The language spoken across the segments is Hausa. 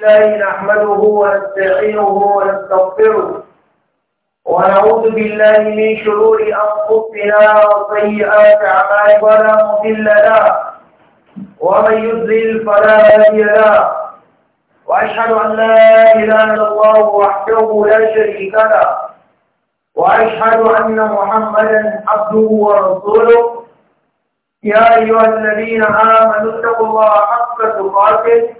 الله نحمده ونستعينه ونستغفره ونعوذ بالله من شرور أنفسنا وسيئات أعمالنا ولا مضل له ومن يضلل فلا هادي له وأشهد أن لا إله إلا الله وحده لا شريك له وأشهد أن محمدا عبده ورسوله يا أيها الذين آمنوا اتقوا الله حق تقاته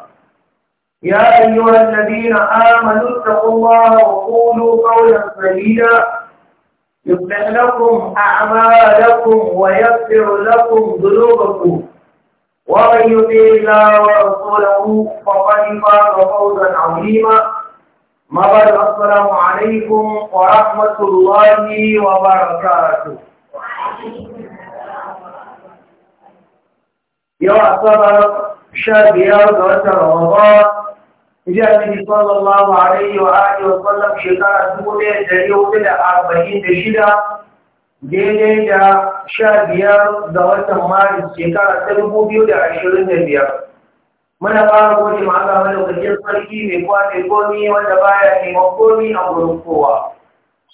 يا أيها الذين آمنوا اتقوا الله وقولوا قولا سديدا يصلح لكم أعمالكم ويغفر لكم ذنوبكم ومن يطع الله ورسوله فقد فاز فوزا عظيما ما بعد السلام عليكم ورحمة الله وبركاته يا أصحاب شاب يا رمضان Jami'in sallallahu Alaihi wa Alaihi wa sallam shekara dubu ɗaya da yau da arba'in da shida daidai da sha biyar ga watan Maris shekara ta dubu biyu da ashirin da biyar. Muna fara gode ma Allah wajen sarki mai kwa komi wanda baya neman komi a gurin kowa.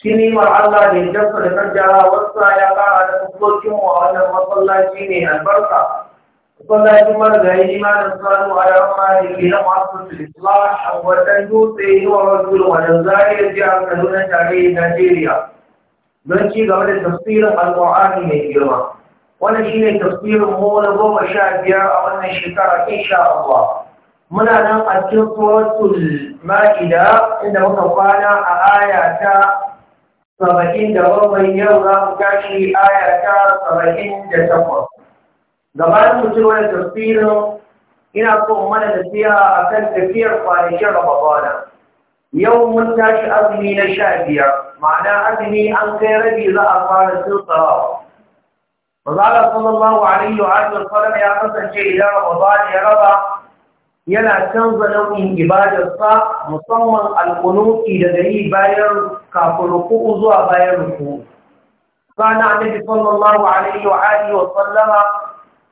Shi nimar Allah da ya jasa da kaddara wasa ya fara da fuskokin wa wannan masallaci mai albarka. masallacin marigayi imanin sanu a yawan da ke na masu islam a watan dutse yi wa wasu wajen zariyar jihar kaduna tarayyar najeriya don ci gaba da tafsirin alƙur'ani mai girma wannan shine tafsirin mu na goma sha biyar a wannan shekara insha Allah muna nan a cikin suratul ma'ida inda muka kwana a aya ta saba'in da bakwai yau za mu tashi aya ta saba'in da takwas gabanin mu ci wani tafsirin ina so mana nasiha akan tafiyar kwanakin Ramadana yau mun tashi azumi na sha biyar ma'ana azumi an kai rabi za a fara tsirawa Mazala sallallahu alaihi wa alihi wasallam ya kasance idan Ramadan ya raba yana canza nau'in ibadarsa musamman alƙunuki da gari bayan kafin ruku'u zuwa bayan ruku'u. Sana annabi sallallahu alaihi wa alihi wa sallama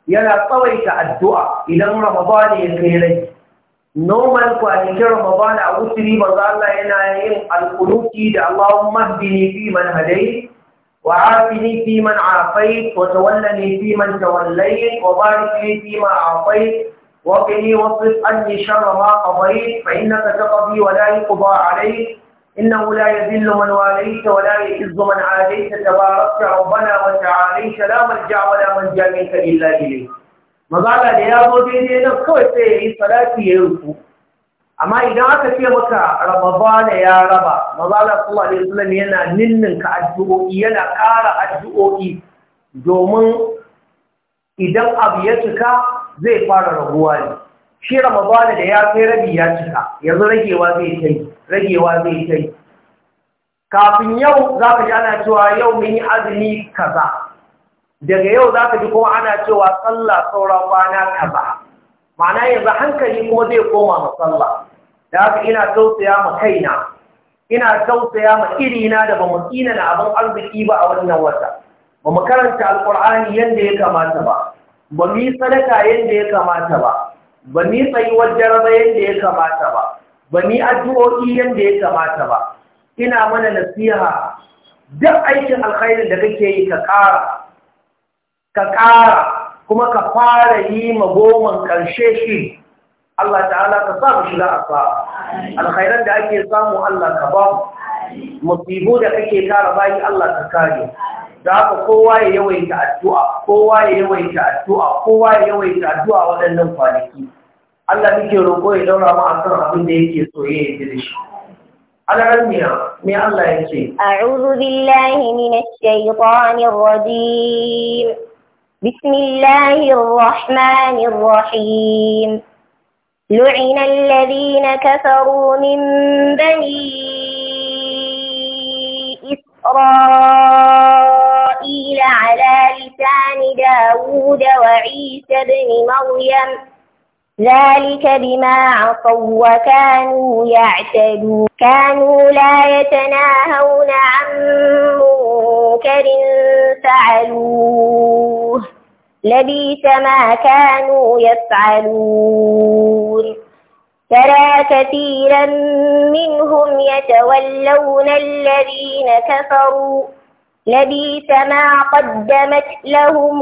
yana tsawaita addu’a idan Ramabani ya kai Noman kwanikin Ramabani a wuturi maza'ala yana yin alkuluki da Allahun mahbi ne man hadai, wa haifi ne man afai, wata wannan ne man tawallai, wa bari ne man afai, wa wasu tsanni shan rama a bari, fa'in na ka taɓa biyu wa إنه لا يذل من واليت ولا يئز من عاديت تباركت ربنا وتعاليت لا ملجع ولا من جامعك إلا إليه mazala da ya zo daidai nan kawai sai ya yi salati ya rufu amma idan aka ce maka ramadana ya raba mazala kuma alaihi wasallam yana ninninka addu'o'i yana ƙara addu'o'i domin idan abu ya cika zai fara raguwa ne shi ramadana da ya sai rabi ya cika yanzu ragewa zai kai ragewa zai kai kafin yau za ka ji ana cewa yau mun yi azumi kaza daga yau za ka ji kuma ana cewa sallah saura kwana kaza ma'ana yanzu hankali kuma zai koma ma sallah da haka ina tausaya ma kaina ina tausaya ma irina da ba mu tsina na abin arziki ba a wannan wata ba mu karanta alkur'ani yadda ya kamata ba ba mu yi sadaka yadda ya kamata ba ba ni tsayuwar jaraba yadda ya kamata ba ba ni addu'o'i yadda ya kamata ba ina mana nasiha duk aikin alkhairin da kake yi ka ƙara ka ƙara kuma ka fara yi magoman ƙarshe shi Allah ta'ala ka sa ka shiga asara alkhairan da ake samu Allah ka ba musibu da kake kara bayi Allah ka kare da haka kowa ya yawaita addu'a kowa ya yawaita addu'a kowa ya yawaita addu'a waɗannan kwanaki আল্লাহ দিকে রোগো এটা হলো আমার আন্তর আমি দেখছি তো এই জিনিস أعوذ بالله من الشيطان الرجيم بسم الله الرحمن الرحيم لعن الذين كفروا من بني إسرائيل على لسان داود وعيسى بن مريم ذلك بما عصوا وكانوا يعتدون كانوا لا يتناهون عن منكر فعلوه لبيس ما كانوا يفعلون ترى كثيرا منهم يتولون الذين كفروا لبيس ما قدمت لهم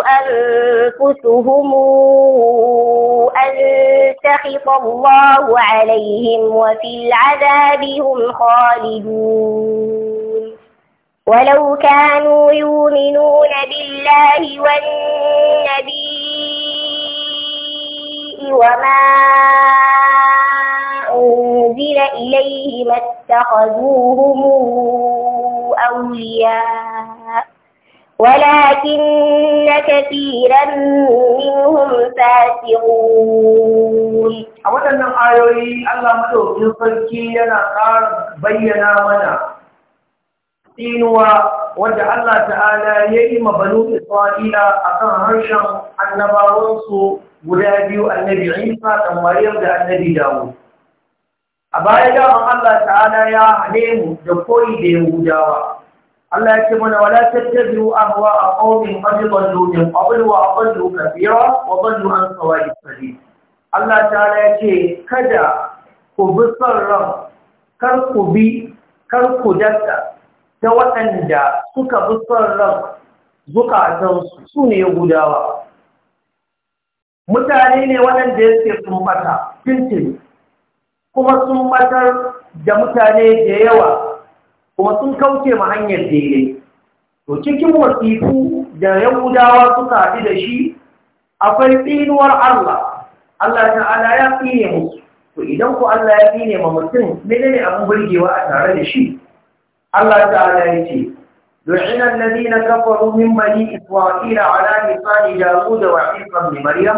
أنفسهم أن تخف الله عليهم وفي العذاب هم خالدون ولو كانوا يؤمنون بالله والنبي وما أنزل إليه ما اتخذوهم أولياء ولكن كثيرا منهم فاسقون a waɗannan ayoyi Allah madaukakin sarki yana ƙara bayyana mana tsinuwa wanda Allah ta'ala ya yi ma banu Isra'ila akan harshen annabawansu guda biyu annabi Isa da Maryam da annabi Dawud a baya daman Allah ta'ala ya hane mu da koyi da Yahudawa Allah ya ce mana wala tattabi'u ahwa'a qaumin qad min qabl wa aqallu kathira wa dhallu an sawa'i sabil Allah ta'ala ya ce kada ku bi son kar ku bi kar ku dadda ta waɗanda suka bi son ran zukatansu su ne gudawa mutane ne waɗanda ya ce sun bata tintin kuma sun matar da mutane da yawa kuma sun kauce ma hanyar daidai to cikin wasifu da yahudawa suka haɗu da shi akwai tsinuwar Allah Allah ta'ala ya tsine musu to idan ku Allah ya tsine ma mutum menene abin burgewa a tare da shi Allah ta'ala ya ce لعن الذين كفروا من بني إسرائيل على لسان داود وعيسى بن مريم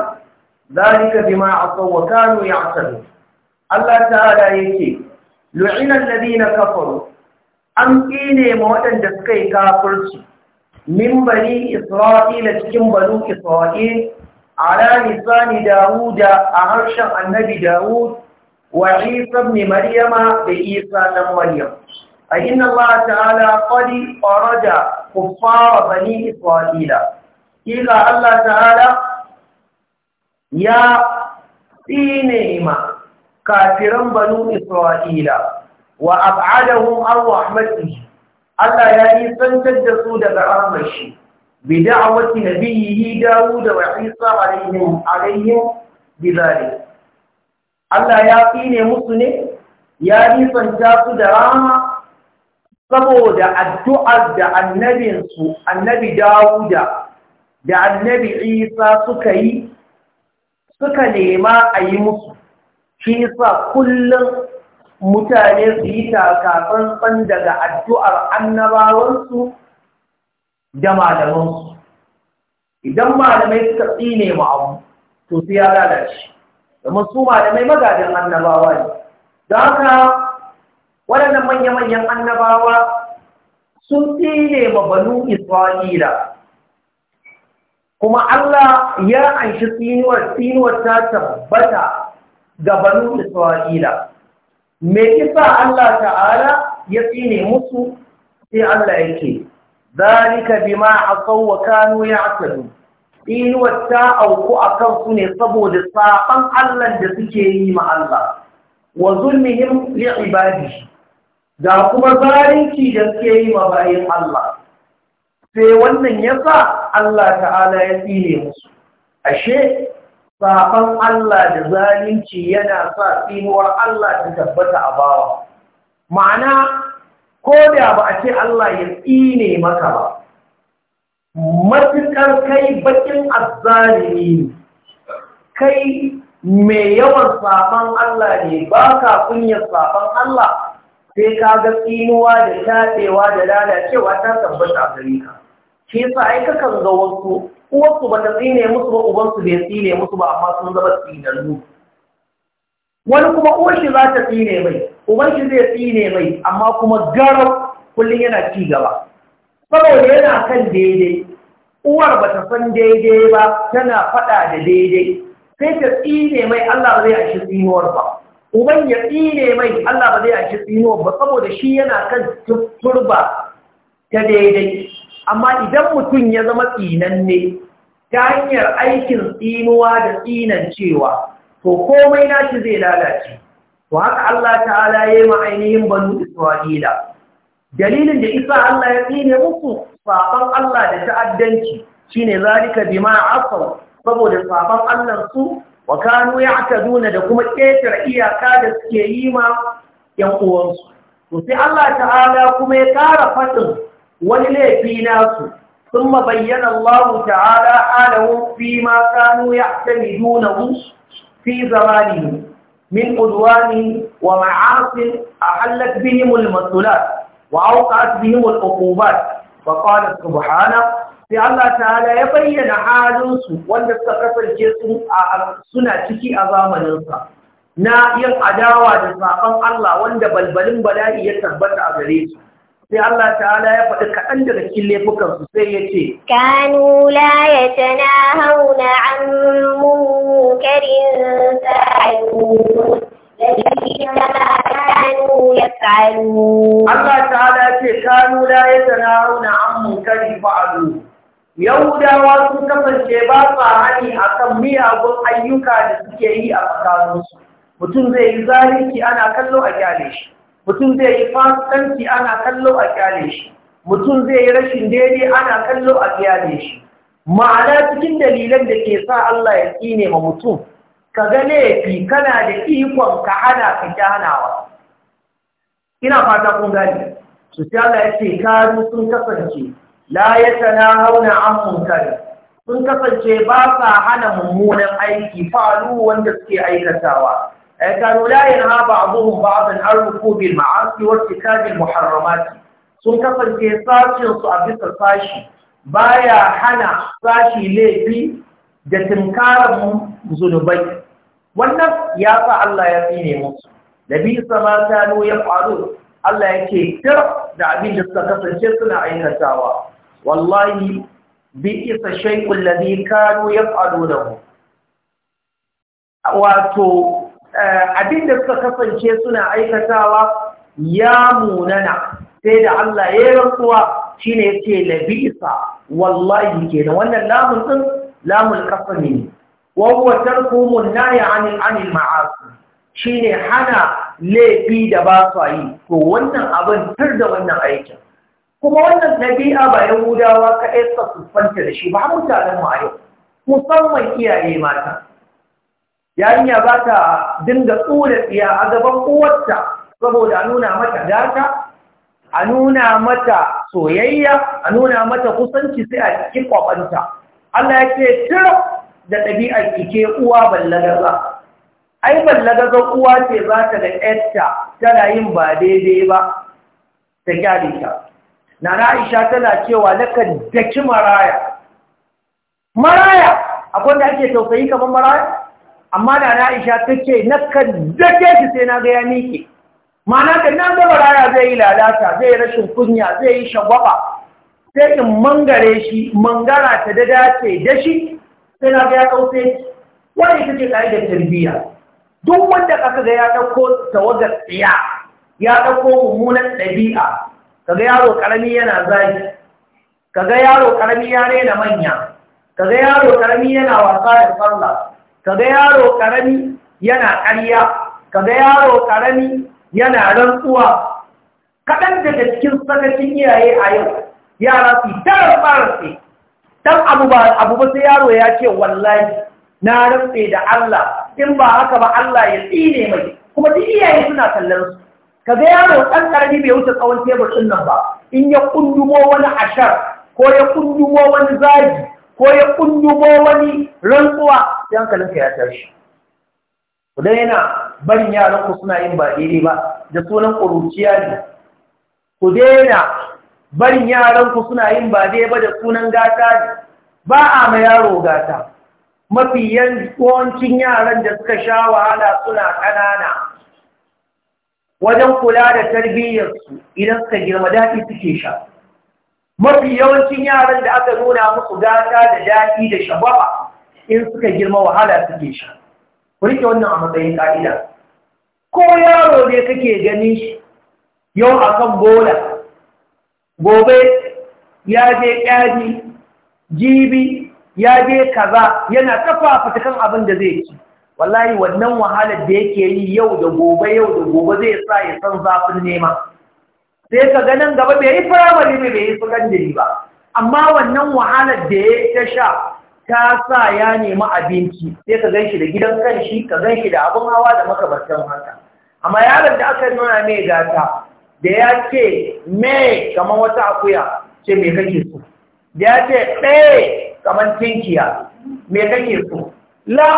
ذلك بما Allah وكانوا يعتدون ya ce. يقول لعن الذين كفروا an ƙine ma waɗanda suka yi kafirci min bari, isra'ila cikin banu isra'il ala Sani dawuda a harshen annabi dawud wa isa ibn maryama da isa dan maryam a inna allah ta'ala qad arada kuffara bani isra'ila ila allah ta'ala ya tsine ma kafiran banu isra'ila wa ab'adahum an rahmatihi Allah ya nisantar da su daga rahmar shi bi da'awati nabiyhi Dawud wa Isa alaihim alaihim bidhalik Allah ya tsine musu ne ya nisanta su da rahma saboda addu'ar da annabinsu annabi Dawuda da annabi Isa suka yi suka nema a yi musu shi yasa kullum mutane su yi san daga addu'ar annabawansu da malamansu idan malamai suka tsine mu abu to su ya lalace domin su malamai magajin annabawa ne da haka waɗannan manya-manyan annabawa sun tsine ma banu isra'ila kuma Allah ya anshi tsinuwar tsinuwar ta tabbata ga banu isra'ila me kisa Allah ta'ala ya tsine musu sai Allah yake zalika bima asaw wa kanu ya'tadu inuwar ta auku akan kansu ne saboda saban Allah da suke yi ma Allah wa zulmihim li ibadi da kuma zalunci da suke yi ma bayin Allah sai wannan yasa Allah ta'ala ya tsine musu ashe saban Allah da zalunci yana sa tsinuwar Allah ta tabbata a bawa ma'ana ko da ba a ce Allah ya tsine maka ba matuƙar kai bakin azzalimi kai mai yawan saban Allah ne ba ka kunyar saban Allah sai ka ga tsinuwa da taɗewa da lalacewa ta tabbata gare ka. Ke sa aikakan ga wasu uwarsu ba ta tsine musu ba ubansu bai tsine musu ba amma sun zama tsinannu wani kuma uwar shi za ta tsine mai uban shi zai tsine mai amma kuma garau kullum yana ci gaba saboda yana kan daidai uwar ba ta san daidai ba tana faɗa da daidai sai ta tsine mai Allah ba zai ashi tsinuwar ba uban ya tsine mai Allah ba zai ashi tsinuwar ba saboda shi yana kan turba ta daidai amma idan mutum ya zama ne ta hanyar aikin tsinuwa da tsinan cewa, to komai nashi zai lalace to haka Allah ta'ala ya yi ma'ainihin banu Isra'ila dalilin da isa Allah ya tsine musu saban Allah da ta'addanci shine zalika bima asaw saboda saban Allah su wa kanu ya'taduna da kuma ƙetare iyaka da suke yi ma yan uwansu to sai Allah ta'ala kuma ya ƙara faɗin. wani laifi nasu sun mabayyana Allah ta'ala alawun fi ma kanu ya tani nuna fi zamani min ƙudwani wa ma'afin a hallak bihim mas'ulat, wa auƙas bihim ulƙuƙubat ba ƙwada su sai Allah ta'ala ya bayyana halinsu wanda suka kasance suna ciki a zamaninsa na yin adawa da saƙon Allah wanda balbalin bala'i ya tabbata a gare su. sai Allah ta'ala ya faɗi kaɗan daga cikin laifukan su sai ya ce kanu la yatanahawna an munkarin Allah ta'ala ce kanu la yatanahawna an munkarin fa'alu Yahudawa sun kasance ba sa hani akan miyagun ayyuka da suke yi a tsakaninsu mutum zai yi zalunci ana kallo a kyale shi mutum zai yi fasikanci ana kallo a kyale shi mutum zai yi rashin daidai ana kallo a kyale shi ma'ana cikin dalilan da ke sa Allah ya tsine ma mutum ka ga laifi kana da ikon ka hana ka janawa ina fata kun gani su sai Allah ya ce karu sun kasance la yatanahawna an munkar sun kasance ba sa hana mummunan aiki falu wanda suke aikatawa Eh, كانوا لا ينهى بعضهم بعضا عن ركوب المعاصي وارتكاب المحرمات sun kasance sashinsu a bisa sashi baya hana sashi laifi da tunkarar zunubai wannan ya sa Allah ya tsine musu da bisa ma kanu ya faru Allah ya ce kir da abin da suka kasance suna aikatawa wallahi bi isa shaikun ladhi kanu yaf'alunahu wato Eh, abin da suka kasance suna aikatawa ya munana sai da Allah ya rantsuwa shine yace labisa wallahi kenan wannan lamun din lamun kasami ne wa huwa tarkumu an-nahy 'anil shine hana laifi da ba su yi ko wannan abin tar da wannan aikin kuma wannan nabi'a ba yahudawa kaɗai suka siffanta da shi ba mutanen mu a yau musamman iyaye mata yarinya za ta dinga tsula tsiya a gaban uwarta saboda a nuna mata data a nuna mata soyayya a nuna mata kusanci sai a cikin kwabanta Allah ya ce tira da ɗabi'ar ike uwa ballagaza ai ballagazar uwa ce za ta ga ƴarta tana yin ba daidai ba ta gyale ta na aisha tana cewa nakan daki maraya maraya akwai da ake tausayi kamar maraya amma da na isha ta ce na kan dake shi sai na ga ya miƙe ma'ana da na ga baraya zai yi lalata zai yi rashin kunya zai yi shagwaba sai in mangare shi mangara ta da dace da shi sai na ga ya ɗauke wani ita ce da tarbiyya duk wanda aka ga ya dauko tawagar tsiya ya dauko mummunan ɗabi'a kaga yaro ƙarami yana zagi kaga yaro ƙarami ya rena manya kaga yaro karami yana wasa da sallah kaga yaro karami yana ƙarya kaga yaro karami yana rantsuwa kaɗan daga cikin sakacin iyaye a yau yara su tarar fararse dan abu ba abu ba sai yaro ya ce wallahi na rantse da Allah in ba haka ba Allah ya tsine mai kuma duk iyaye suna kallon su kaga yaro ɗan ƙarami bai wuce tsawon tebur ɗin nan ba in ya kundumo wani ashar ko ya kundumo wani zagi ko ya kundugo wani rantsuwa sai hankalinka ya tashi ku yana barin yaranku suna yin ba daidai ba da sunan ƙuruciya ne ku daina barin yaranku suna yin ba daidai ba da sunan gata ne ba a ma yaro gata mafi yawancin yaran da suka sha wahala suna ƙanana wajen kula da tarbiyyarsu idan suka girma daɗi suke sha mafi yawancin yaran da aka nuna musu gata da daɗi da shababa in suka girma wahala suke sha ku wannan a matsayin ƙa'ida ko yaro ne kake gani shi yau a kan bola gobe ya je ƙyaji jibi ya je kaza yana kafa fitakan abin da zai ci wallahi wannan wahalar da yake yi yau da gobe yau da gobe zai sa ya san zafin nema sai ka ga nan gaba bai yi firamare mai bai yi sakandare ba amma wannan wahalar da ya ta sha ta sa ya nemi abinci sai ka gan shi da gidan kanshi ka gan shi da abin hawa da makabartan haka amma yaron da aka nuna mai gata da ya ce mai kamar wata akuya ce mai kake so da ya ce ɗaya kamar tinkiya mai kake so la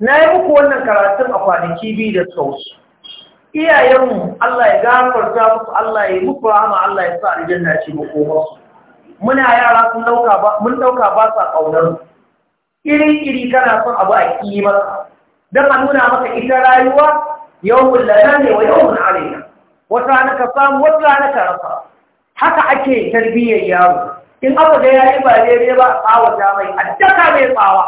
na yi muku wannan karatun a kwanaki biyu da sauci iyayenmu Allah ya gafarta musu Allah ya muku rahama Allah ya sa aljanna ce makomarsu muna yara sun dauka ba mun dauka ba sa kaunar iri iri kana son abu a ki maka dan a nuna maka ita rayuwa yawmul lana ne wa yawmul alaina wata na ka samu wata na ka rasa haka ake tarbiyyar yaro in aka ya yayi ba daidai ba a tsawata mai addaka mai tsawa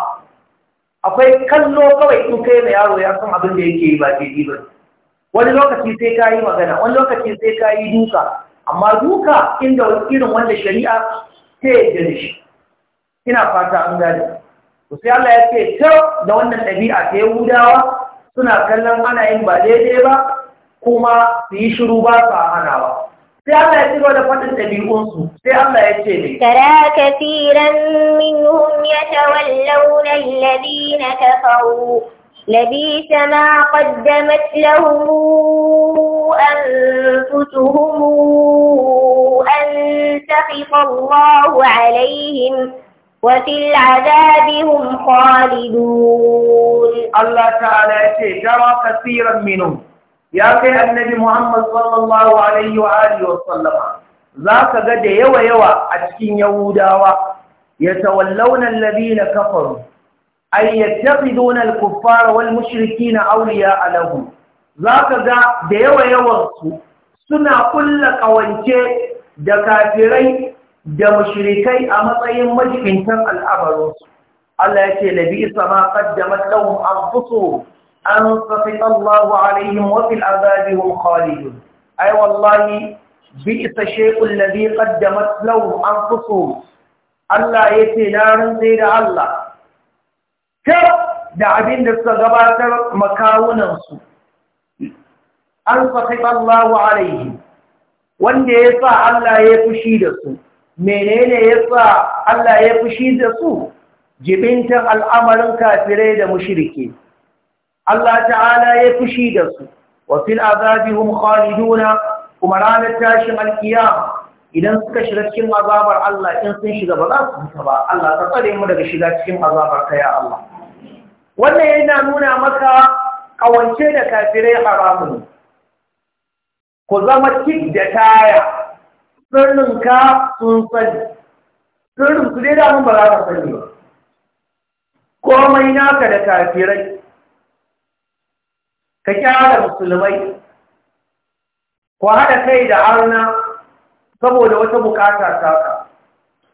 akwai kallo kawai in kai yaro ya san abin da yake yi ba daidai ba wani lokaci sai ka yi magana wani lokaci sai ka yi duka amma duka inda irin wanda shari'a ta yadda da shi ina fata an gane to sai Allah ya ce ta da wannan ɗabi'a ta Yahudawa suna kallon ana yin ba daidai ba kuma su yi shiru ba su hana sai Allah ya ciro da faɗin su, sai Allah ya ce ne tara kafiran minhum yatawallawna alladhina kafaru لبيس ما قدمت لهم أنفسهم أن سخط الله عليهم وفي العذاب هم خالدون الله تعالى ترى كثيرا منهم يا أخي النبي محمد صلى الله عليه وآله وسلم ذاك قد يوى يوى أتكين يهودا يتولون الذين كفروا ay yattaqiduna al-kuffar wal mushrikina awliya lahu zaka ga da yawa yawan su suna kulla kawance da kafirai da mushrikai a matsayin majibintan al'amarin su Allah yace nabi sama qaddamat lahum anfusuhum an safita Allah alaihim wa fil azabi hum khalidun ay wallahi bi'sa shay'u alladhi qaddamat lahum anfusuhum Allah yace na rantsa da Allah tar da abin da suka gabatar makawunansu an sakai Allahu alaihi wanda ya sa Allah ya fushi da su menene ya sa Allah ya fushi da su jibintar al'amarin kafirai da mushrike Allah ta'ala ya fushi da su wa fil azabihum khaliduna kuma ranar tashin alkiyama idan suka shiga cikin azabar Allah in sun shiga ba za su fita ba Allah ta tsare mu daga shiga cikin azabar ka ya Allah wannan yana nuna maka kawance da kafirai haramun ku zama kik da taya sirrin ka sun sani sirrin su dai damun ba za ka sani ba komai naka da kafirai ka kyara musulmai ku haɗa kai da arna saboda wata bukata ta ka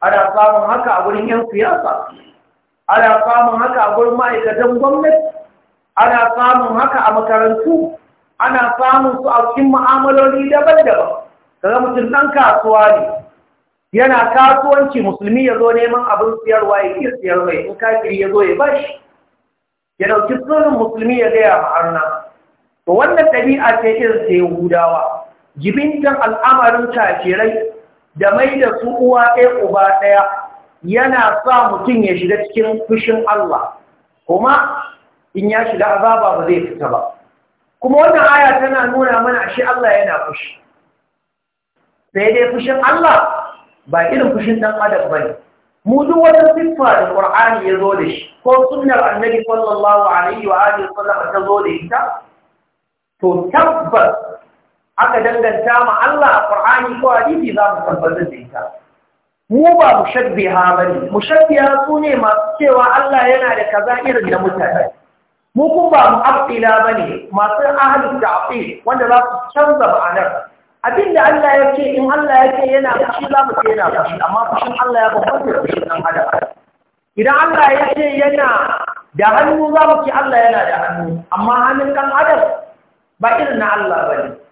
ana samun haka a wurin yan siyasa ana samun haka a wurin ma'aikatan gwamnati ana samun haka a makarantu ana samun su a cikin ma'amaloli daban-daban kaga mutum ɗan kasuwa ne yana kasuwanci musulmi ya zo neman abin siyarwa ya iya siyar mai in kafiri ya zo ya bashi ya ɗauki sirrin musulmi ya gaya ma'arna to wannan ɗabi'a ce irin ta yahudawa jibintan al'amarin kafirai da mai da su uwa ɗaya uba ɗaya yana sa mutum ya shiga cikin fushin Allah kuma in ya shiga azaba ba zai fita ba kuma wannan aya tana nuna mana shi Allah yana fushi sai dai fushin Allah ba irin fushin ɗan adam ba ne mu duk wata siffa da ƙur'ani ya zo da shi ko sunnar Annabi sallallahu alaihi wa alihi wasallam ta zo da ita to tabbas aka danganta ma Allah a Qur'ani ko hadisi za mu tabbatar da ita mu ba mushabbiha bane mushabbiha su ne masu cewa Allah yana da kaza irin da mutane mu kun ba mu mu'attila bane masu ahlul ta'til wanda za su canza ma'anar Abin da Allah ya ce in Allah ya ce yana fushi za mu ce yana fushi amma fushin Allah ya bambanta da fushin dan adam idan Allah ya ce yana da hannu za mu ce Allah yana da hannu amma hannun dan adam ba irin na Allah ne.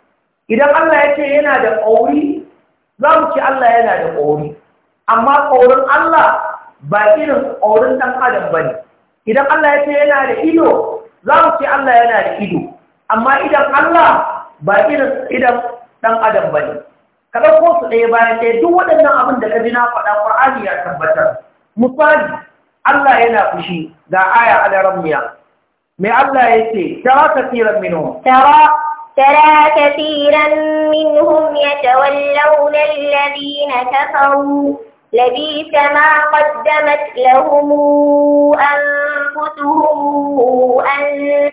idan Allah ya ce yana da ƙauri za mu ce Allah yana da ƙauri amma ƙaurin Allah ba irin ƙaurin ɗan adam ba ne idan Allah ya ce yana da ido za mu ce Allah yana da ido amma idan Allah ba irin idan ɗan adam ba ne ka ɗauko su ɗaya bayan ɗaya duk waɗannan abin da ka ji na faɗa ƙur'ani ya tabbatar misali Allah yana fushi ga aya a daren miya mai Allah ya ce tara kafiran minu tara ترى كثيرا منهم يتولون الذين كفروا لبيس ما قدمت لهم أنفسهم أن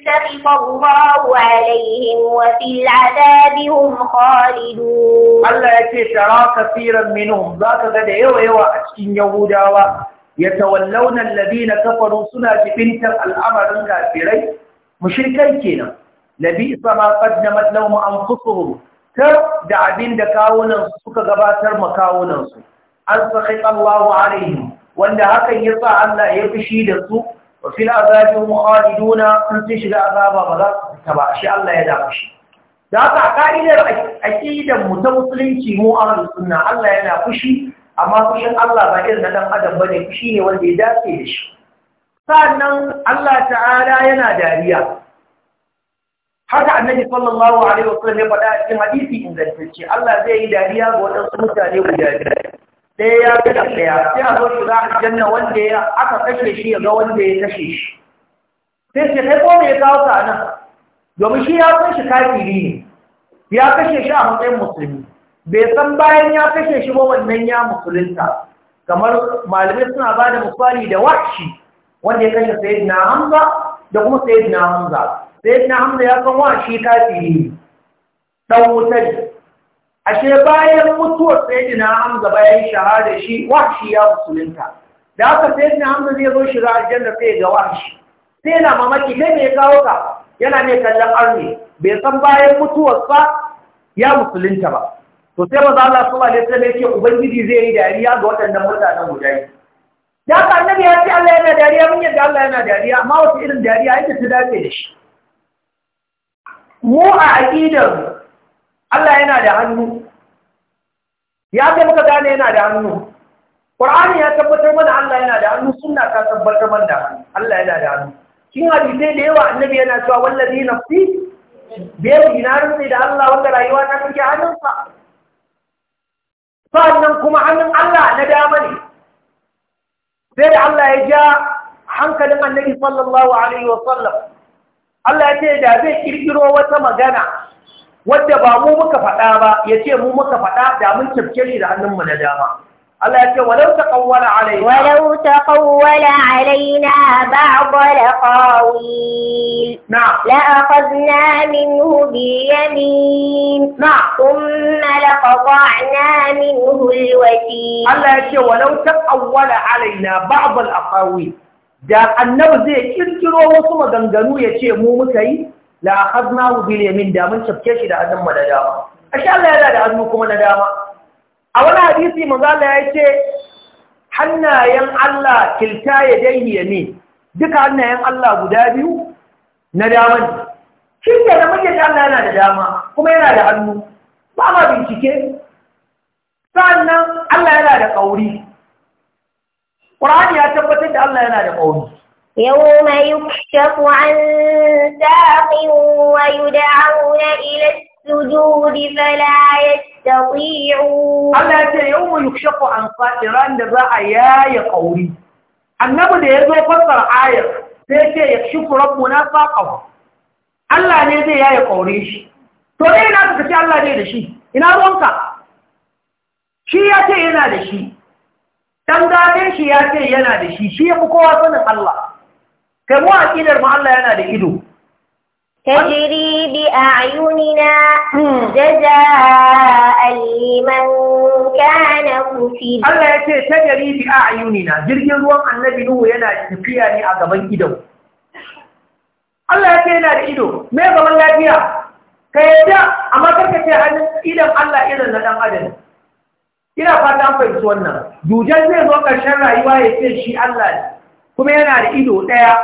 سخط الله عليهم وفي العذاب هم خالدون الله يتي ترى كثيرا منهم ذاك قد إيوة إيوة أشكين يهودا يتولون الذين كفروا سنة بنت الأمر الكافرين مشركين كنا labisa ma qaddamat lahum anfusuhum tar da abin da kawunan suka gabatar ma kawunan su an sakai Allahu alaihim wanda hakan yasa Allah ya fishi da su wa fil azabi mukhaliduna sun shiga azaba ba za su fita ba shi Allah ya dafa shi da haka ka'idar aqidan mu ta musulunci mu ahlus sunna Allah yana fushi amma fushin Allah ba irin na dan adam bane fushi ne wanda ya dace da shi sannan Allah ta'ala yana dariya haka annabi sallallahu alaihi wasallam ya faɗa cikin hadisi ingantacce Allah zai yi dariya ga wadansu mutane guda biyar ɗaya ya ga ɗaya sai a zo shiga aljanna wanda ya aka kashe shi ya ga wanda ya kashe shi sai sai kai ko me ya kawo ka nan domin shi ya san shi kafiri ne ya kashe shi a matsayin musulmi bai san bayan ya kashe shi ba wannan ya musulunta kamar malamai suna ba da misali da wahshi wanda ya kashe sayyidina hamza da kuma sayyidina hamza sai ina hamza ya san wa shi kafiri dan wutar ashe bayan mutuwar sai na hamza bayan shahada shi shi ya musulunta da haka sai ina hamza zai zo shiga aljanna sai ga shi. sai na mamaki kai me kawo ka yana ne kallon arni bai san bayan sa ya musulunta ba to sai maza Allah su alaihi wasallam yake ubangiji zai yi dariya ga waɗannan mutanen guda biyu da haka annabi ya ce Allah yana dariya mun yadda Allah yana dariya amma wata irin dariya yake ta dace da shi mu a aƙidar Allah yana da hannu ya kai muka gane yana da hannu Qur'ani ya tabbatar mana Allah yana da hannu suna ka tabbatar mana da hannu Allah yana da hannu kin hadisai da yawa annabi yana cewa wallazi fi bai dinarin sai da Allah wanda rayuwa ta kike hannunsa sannan kuma hannun Allah na dama ne sai da Allah ya ja hankalin annabi sallallahu alaihi wa sallam Allah ya ce da zai kirkiro wata magana wadda ba mu muka faɗa ba ya ce mu muka faɗa da mun cafke ne da hannunmu na dama Allah ya ce walau ta taqawwala alaina walau ta taqawwala alaina ba'd al-qawil na la akhadna minhu bi yamin na'am thumma laqata'na minhu al-watin Allah ya ce walau ta taqawwala alaina ba'd a qawil da annabi zai kirkiro wasu maganganu ya ce mu muka yi la akhadnahu bil yamin da mun cafke shi da hannun mu na dama ashe Allah yana da hannu kuma na dama a wani hadisi manzo Allah ya ce hannayen Allah kilta ya dai ne, duka hannayen Allah guda biyu na dama ne shin da muke Allah yana da dama kuma yana da hannu ba ma bincike sannan Allah yana da kauri Qur'ani ya tabbatar da Allah yana da يوم يكشف عن ساق ويدعون إلى السجود فلا يستطيعون الله يقول يوم يكشف عن ساق ران دبا يا قولي النبي ده يزو فسر آية سيكي يكشف ربنا ساق؟ الله نزي يا قولي شي to dai na ka ce Allah ne da shi ina ruwanka shi ya ce yana da shi dan gane shi ya ce yana da shi shi ya fi kowa sanin Allah kai mu aqidar mu Allah yana da ido تجري بأعيننا جزاء لمن كان كفر الله يتي a a'yunina jirgin ruwan annabi Nuhu yana tafiya ne a gaban ido Allah ya ce yana da ido me gaban lafiya ka yadda amma karka ce hannun idan Allah irin na dan adam ina fata fahimci wannan dujan zai zo ƙarshen rayuwa ya ce shi Allah ne kuma yana da ido ɗaya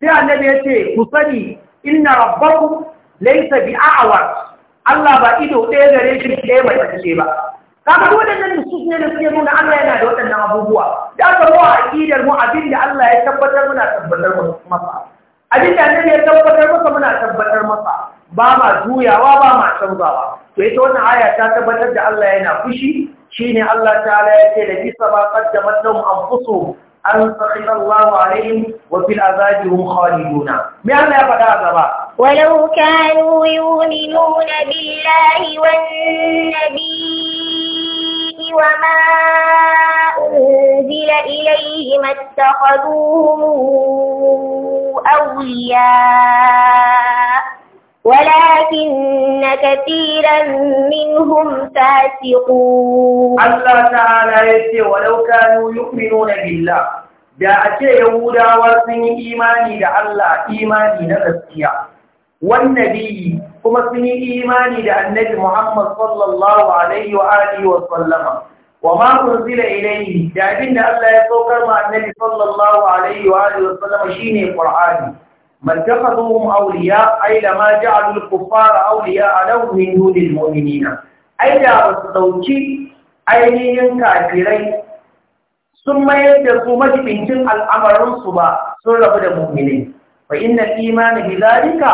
sai annabi ya ce ku sani inna rabbakum laysa bi a'war Allah ba ido ɗaya gare shi ɗaya mai tsaye ba kaga duk waɗannan nusus ne da suke nuna Allah yana da waɗannan abubuwa da aka zo a aqidar mu abin da Allah ya tabbatar muna tabbatar masa abin da annabi ya tabbatar masa muna tabbatar masa ba ma juyawa ba ma canzawa to ita wannan aya ta tabbatar da Allah yana fushi شيني الله تعالى يكي لدي سبا قدمت لهم أنفسهم أن سخط الله عليهم وفي الأزاج هم خالدون مهما يبقى أزبا ولو كانوا يؤمنون بالله والنبي وما أنزل إليهم اتخذوهم أولياء ولكن كثيرا منهم فاسقون الله تعالى يسي ولو كانوا يؤمنون بالله da a ce Yahudawa sun yi imani da Allah imani na gaskiya, wannabi kuma sun yi imani da annabi Muhammad sallallahu Alaihi wa sallama, wa makon zira ilayi, da abin da Allah ya saukar wa annabi sallallahu Alaihi sallama من اتخذوهم أولياء أي لما جعلوا الكفار أولياء له من دون المؤمنين أي لا بصدوكي أي لين كافرين ثم يدرسوا مجبنتين الأمر صبا سرب المؤمنين فإن الإيمان بذلك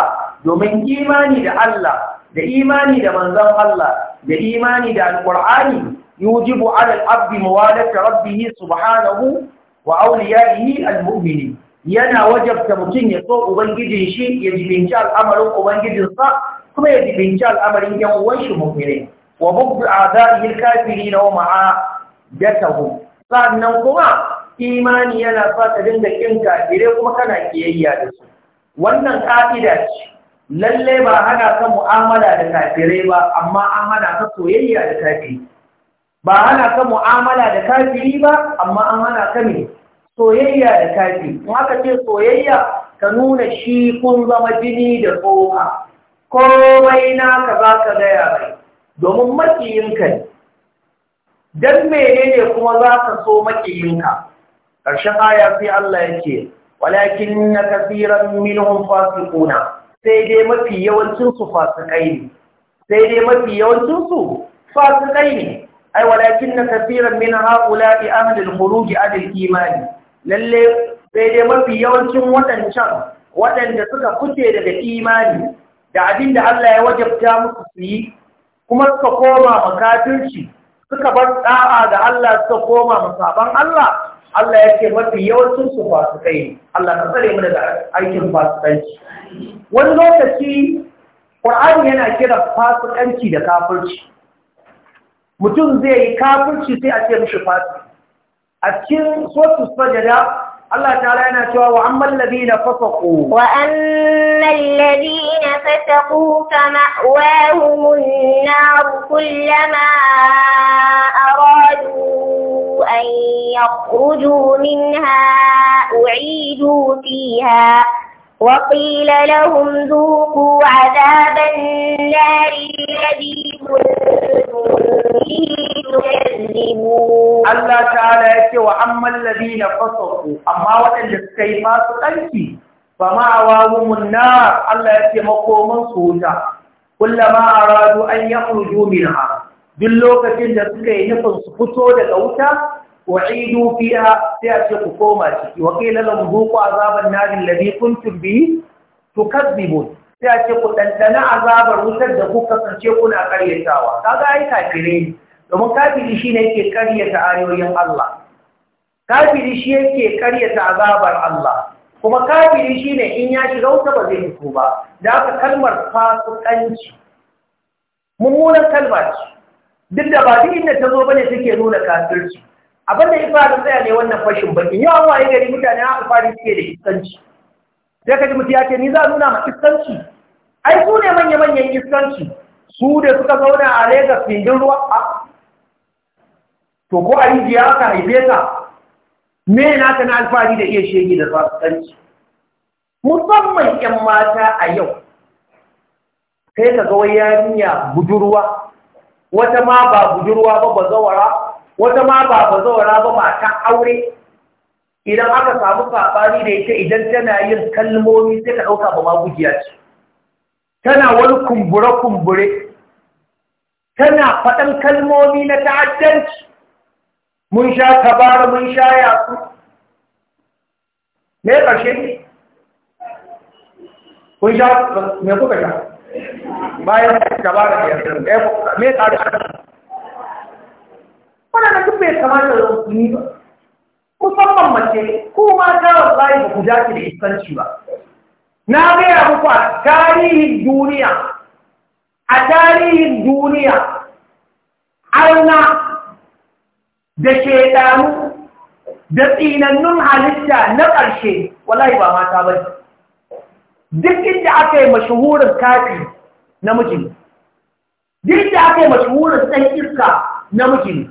domin imani da Allah da imani da manzon Allah da imani da alqur'ani yujibu ala al-abdi mawadata rabbih subhanahu wa awliyaihi al-mu'minin yana wajabta mutum ya so ubangijin shi ya jibinci al'amarin ubangijinsa kuma ya jibinci al'amarin yan uwan shi mu'mini wa bughd kafiri na wa ma'a? ma'adatuhum sannan kuma imani yana sa dinga ƙin kafire kuma kana kiyayya da su wannan ƙa'ida ce lalle ba hana ka mu'amala da kafirai ba amma an hana ka soyayya da kafiri ba hana ka mu'amala da kafiri ba amma an hana ka mai soyayya da kafi in aka ce soyayya ka nuna shi kun zama jini da koma. komai naka za ka gaya mai domin makiyinka ne don ne kuma za ka so makiyinka ƙarshen aya sai Allah ya ce walakin na kasiran minhum fasikuna sai dai mafi yawancinsu fasikai ne sai dai mafi yawancinsu fasikai ne ai walakin na kafiran min haƙula ɗi amalin huruji adil imani lalle sai dai mafi yawancin waɗancan waɗanda suka kuce daga imani da abin da Allah ya wajabta musu su yi kuma suka koma makafirci suka bar da'a ga Allah suka koma musaban Allah Allah ya ce mafi yawancin su ba su kai Allah ka tsare mu daga aikin fasikanci wani lokaci Qur'ani yana kira fasikanci da kafirci mutum zai yi kafirci sai a ce mishi fasikanci أذكر صوت الصجدة الله تعالى أنا شو وأما الذين فسقوا وأما الذين فسقوا فمأواهم النار كلما أرادوا أن يخرجوا منها أعيدوا فيها وقيل لهم ذوقوا amma alladhina fasaqu amma waɗanda suka yi masu ɗanki fa ma'awahumun munna. Allah ya ce makoman su wuta kullama aradu an yakhruju ha. duk lokacin da suka yi nufin su fito daga wuta wa'idu fiha sai a ce ku koma ciki wa qila lahum dhuqu azaban nar alladhi kuntum bihi tukazzibun sai a ce ku ɗanɗana azabar wutar da ku kasance kuna karyatawa kaga ai kafire ne domin kafiri shine yake karyata ayoyin Allah kafiri shi yake karyata azabar Allah kuma kafiri shi ne in ya shiga wuta ba zai fito ba da aka kalmar fasukanci mummunan kalma ce duk da ba duk inda ta zo bane take nuna kafirci abin da ifa da tsaya ne wannan fashin baki wa waye gari mutane a alfari suke da iskanci sai ka ji mutum ya ce ni za a nuna ma iskanci ai su ne manya-manyan iskanci su da suka zauna a Legas findin ruwa a to ko a rijiya aka haife ka me na na alfahari da iya shege da fasikanci musamman 'yan mata a yau kai ka ga yarinya budurwa wata ma ba budurwa ba zawara? wata ma ba bazawara ba mata aure idan aka samu sabani da ita idan tana yin kalmomi sai ka dauka ba magujiya ce tana wani kumbure kumbure tana faɗan kalmomi na ta'addanci mun sha tabar mun sha yasu me ƙarshe ne kun sha me kuka sha bayan tabar da yasu eh, me ƙarshe wannan duk bai kamata da ni ba musamman mace ko ma ta wallahi ba ku dace da iskanci ba na gaya muku a tarihin duniya a tarihin duniya auna da ɗanu da tsinannun halitta na ƙarshe wallahi ba mata ba duk inda aka yi mashahurin kafi mijin duk inda aka yi mashahurin ɗan iska mijin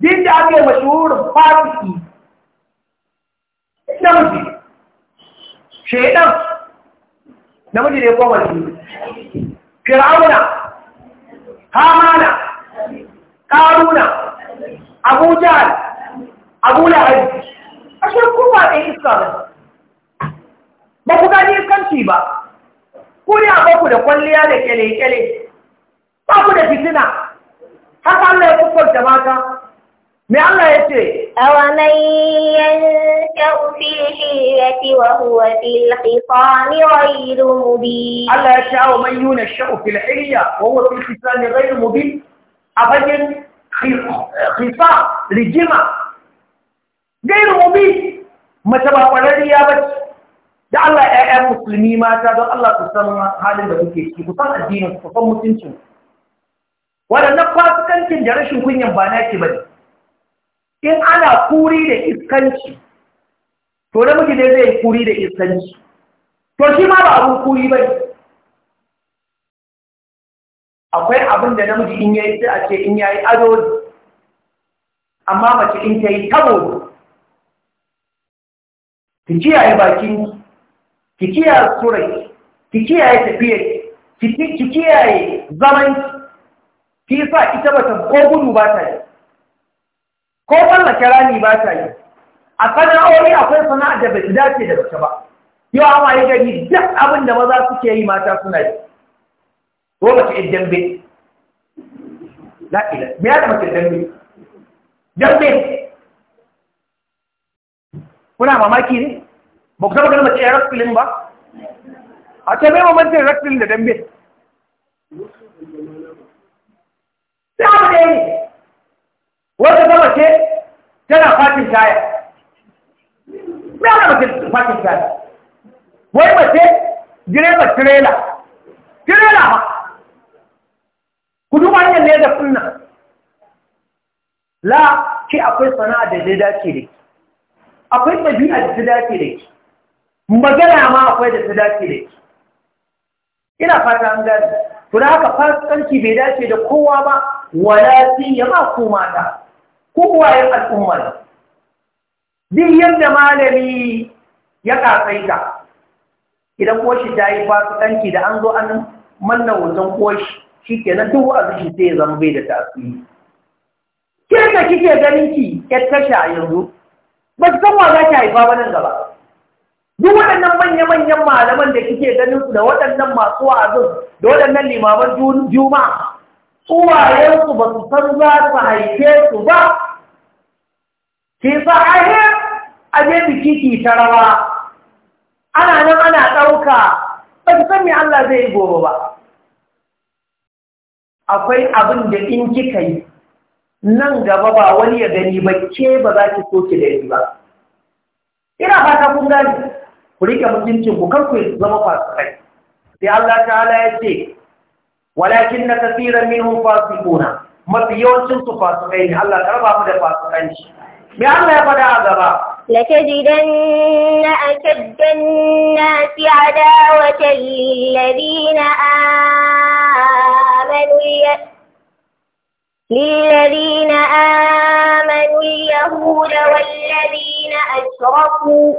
duk inda aka yi mashahurin fasiki namiji shaidan namiji ne ko wani fir'auna hamana ƙaruna أبو جال أبو لعب أشهر كفا إيه إسكار بكو تاني إسكار شيبا كوريا بكو دا قول ليا لك يلي يلي بكو دا تسنا الله يكفر جماعك ما الله يتري أَوَمَنْ يَنْكَوْ فِي الْحِيَّةِ وَهُوَ فِي الْخِصَامِ غَيْرُ مُبِينَ أَلَّا يشاء مَنْ يُنَشَّعُ فِي الْحِيَّةِ وَهُوَ فِي الْخِصَامِ غَيْرُ مُبِينَ أبدا khifa rigima gairu mubi mace ba kwararriya ba da Allah ƴaƴan musulmi mata don Allah ku san halin da kuke ciki ku san addinin ku san mutuncin wadannan fasikancin da rashin kunyan ba na ce ba ne in ana kuri da iskanci to da muke dai zai kuri da iskanci to shi ma ba abun kuri ba ne akwai abin da namiji in yayi sai a ce in yayi ado amma mace in ta yi tabo ki kiyaye bakin ki kiyaye surai ki kiyaye tafiya, ki kiyaye zaman ki sa ita bata ko gudu ba ta yi ko mallake rani ba ta yi a sana'o'i akwai sana'ar da bai dace da mace ba yau amma waye gari duk abin da maza suke yi mata suna yi ko mace yin dambe la'ila me ya da mace dambe dambe kuna mamaki ba ku saba ganin mace ya rasulun ba a ta mai mamancin rasulun da dambe sai abu da yi wata ta mace tana fatin taya me ya da fatin taya direba tirela tirela ku duba hanyar ne da kunna la ki akwai sana'a da ta dace da ki akwai tabi'a da ta dace da ki magana ma akwai da ta dace da ki ina fata an gani da haka fasikanci bai dace da kowa ba wala si ya ma ku mata yin al'umma al'ummar duk yadda malami ya kasaita idan koshi ta yi fasikanci da an zo an manna hoton koshi shi ke na duk wa'azi shi sai ya zama bai da tasiri ke da kike ganin ki ya tasha yanzu ba su san wa za ki haifa ba nan gaba duk waɗannan manya-manyan malaman da kike ganin su da waɗannan masu wa'azin da waɗannan limaman juma'a su ba su san za su haife su ba ke sa ahe a je biki ki ta rawa ana nan ana ɗauka ba su san me Allah zai yi gobe ba akwai abin da in kika yi nan gaba ba wani ya gani ba ke ba za ki so ki da ba ina fata kun gani ku rike mutuncin ku kar ku zama fasikai sai Allah ta'ala ya ce walakin na kasiran minhum fasikuna mafi yawancin su fasikai ne Allah karba mu da fasikanci me Allah ya faɗa a gaba لتجدن أشد الناس عداوة للذين آمنوا للذين آمنوا اليهود والذين أشركوا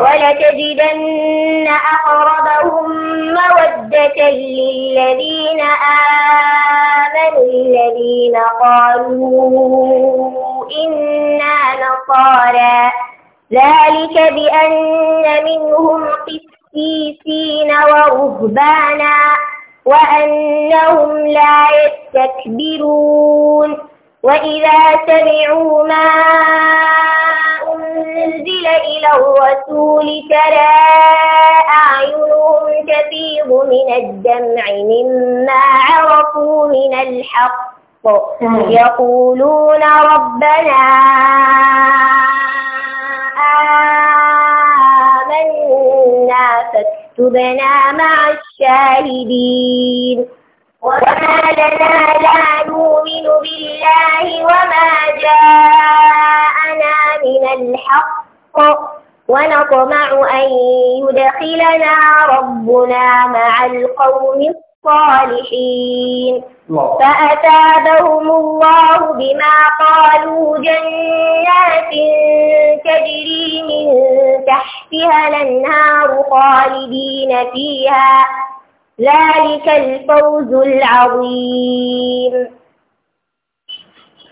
ولتجدن أقربهم مودة للذين آمنوا الذين قالوا إنا نصارى ذلك بأن منهم قسيسين ورهبانا وأنهم لا يستكبرون وإذا سمعوا ما أنزل إلى الرسول ترى أعينهم تفيض من الدمع مما عرفوا من الحق نعم. يقولون ربنا آمنا فاكتبنا مع الشاهدين وما لنا لا نؤمن بالله وما جاءنا من الحق ونطمع أن يدخلنا ربنا مع القوم الصالحين الصالحين فأتابهم الله بما قالوا جنات تجري من تحتها الأنهار خالدين فيها ذلك الفوز العظيم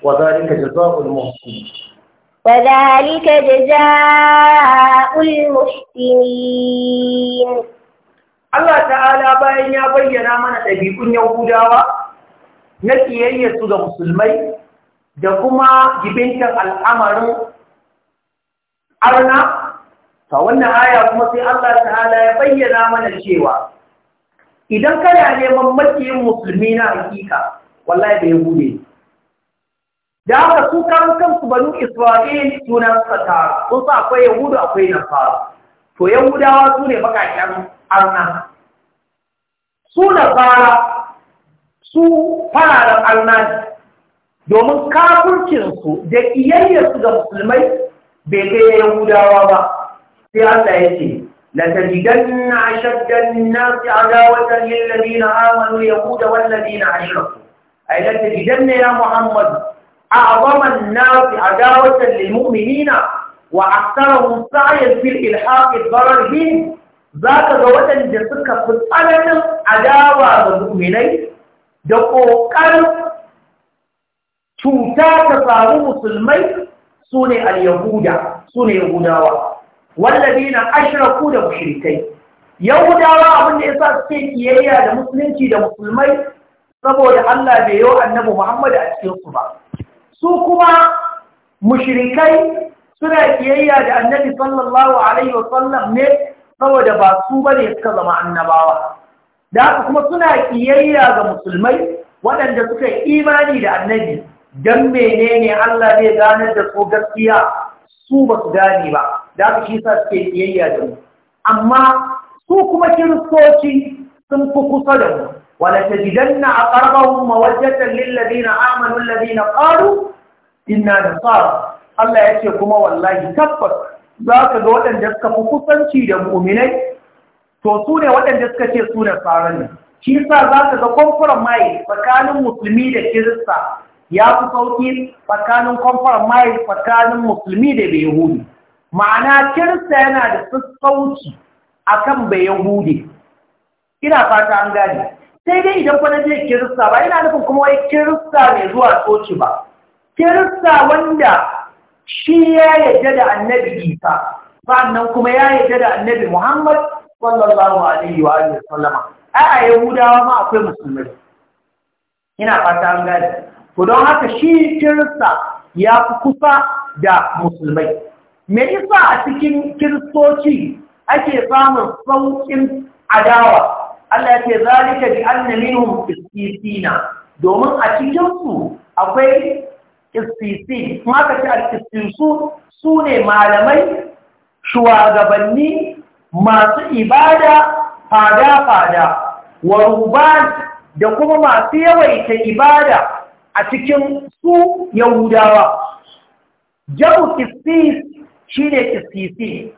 وذلك جزاء المحسنين وذلك جزاء المحسنين Allah ta'ala bayan ya bayyana mana ɗabi'un Yahudawa na ƙiyayyarsu ga musulmai da kuma gibintar al'amarin arna, ta wannan aya kuma sai Allah ta'ala ya bayyana mana cewa idan kana neman makiyin musulmi na hakika, wallahi da Yahude. Da aka su kawo kansu banu Isra'il sunan suka sun sa akwai Yahudu akwai Nasara, to Yahudawa su ne baƙaƙen Suna su fara su fararen alna domin kafurcinsu da iyayyarsu da musulmai bai kai ya yahudawa ba sai allah ya ce latajidanna ashaddanna fi adawatan lilladina amanu yahuda walladina ashraku ay latajidanna ya muhammad a'zaman nafi adawatan lilmu'minina wa aktsara musayyan fil ilhaqi dararhin za ka ga waɗanda suka fi tsananin adawa ga muminai da ƙoƙarin cuta ta samu musulmai su ne al-yahuda su ne yahudawa wallabi na ashiraku da mushrikai yahudawa abin da ya sa suke kiyayya da musulunci da musulmai saboda Allah bai yi annabi Muhammad a cikinsu ba su kuma mushrikai suna kiyayya da annabi sallallahu alaihi wasallam ne saboda ba su bane suka zama annabawa da haka kuma suna kiyayya ga musulmai waɗanda suka yi imani da annabi don menene Allah zai ganar da su gaskiya su ba su gane ba da haka shi sa suke kiyayya da mu amma su kuma kiristoci sun fi kusa da mu wala tajidanna aqrabahum mawajjatan lil ladina amanu Ladina qalu inna nasara Allah yace kuma wallahi tabbas za ka ga waɗanda suka fi kusanci da mu'minai to su ne waɗanda suka ce su da tsarin ne shi sa za ka ga kwamfuran maye tsakanin musulmi da kirista ya fi sauƙi tsakanin kwamfuran maye tsakanin musulmi da bai hudu ma'ana kirista yana da sassauci a kan bai hudu ina fata an gane sai dai idan kwanan je kirista ba ina nufin kuma wai kirista mai zuwa coci ba kirista wanda shi ya yadda da annabi isa sannan kuma ya yadda da annabi muhammad sallallahu alaihi wa sallama a yahudawa ma akwai musulmai ina fata an gani don haka shi kirista ya fi kusa da musulmai me isa a cikin kiristoci ake samun sauƙin adawa Allah ya ce zalika bi anna minhum domin a cikinsu akwai istisi kuma ka ce al su ne malamai shugabanni masu ibada fada-fada wa ruban da kuma masu yawaita ibada a cikin su yahudawa Jau kisis shi ne kisisi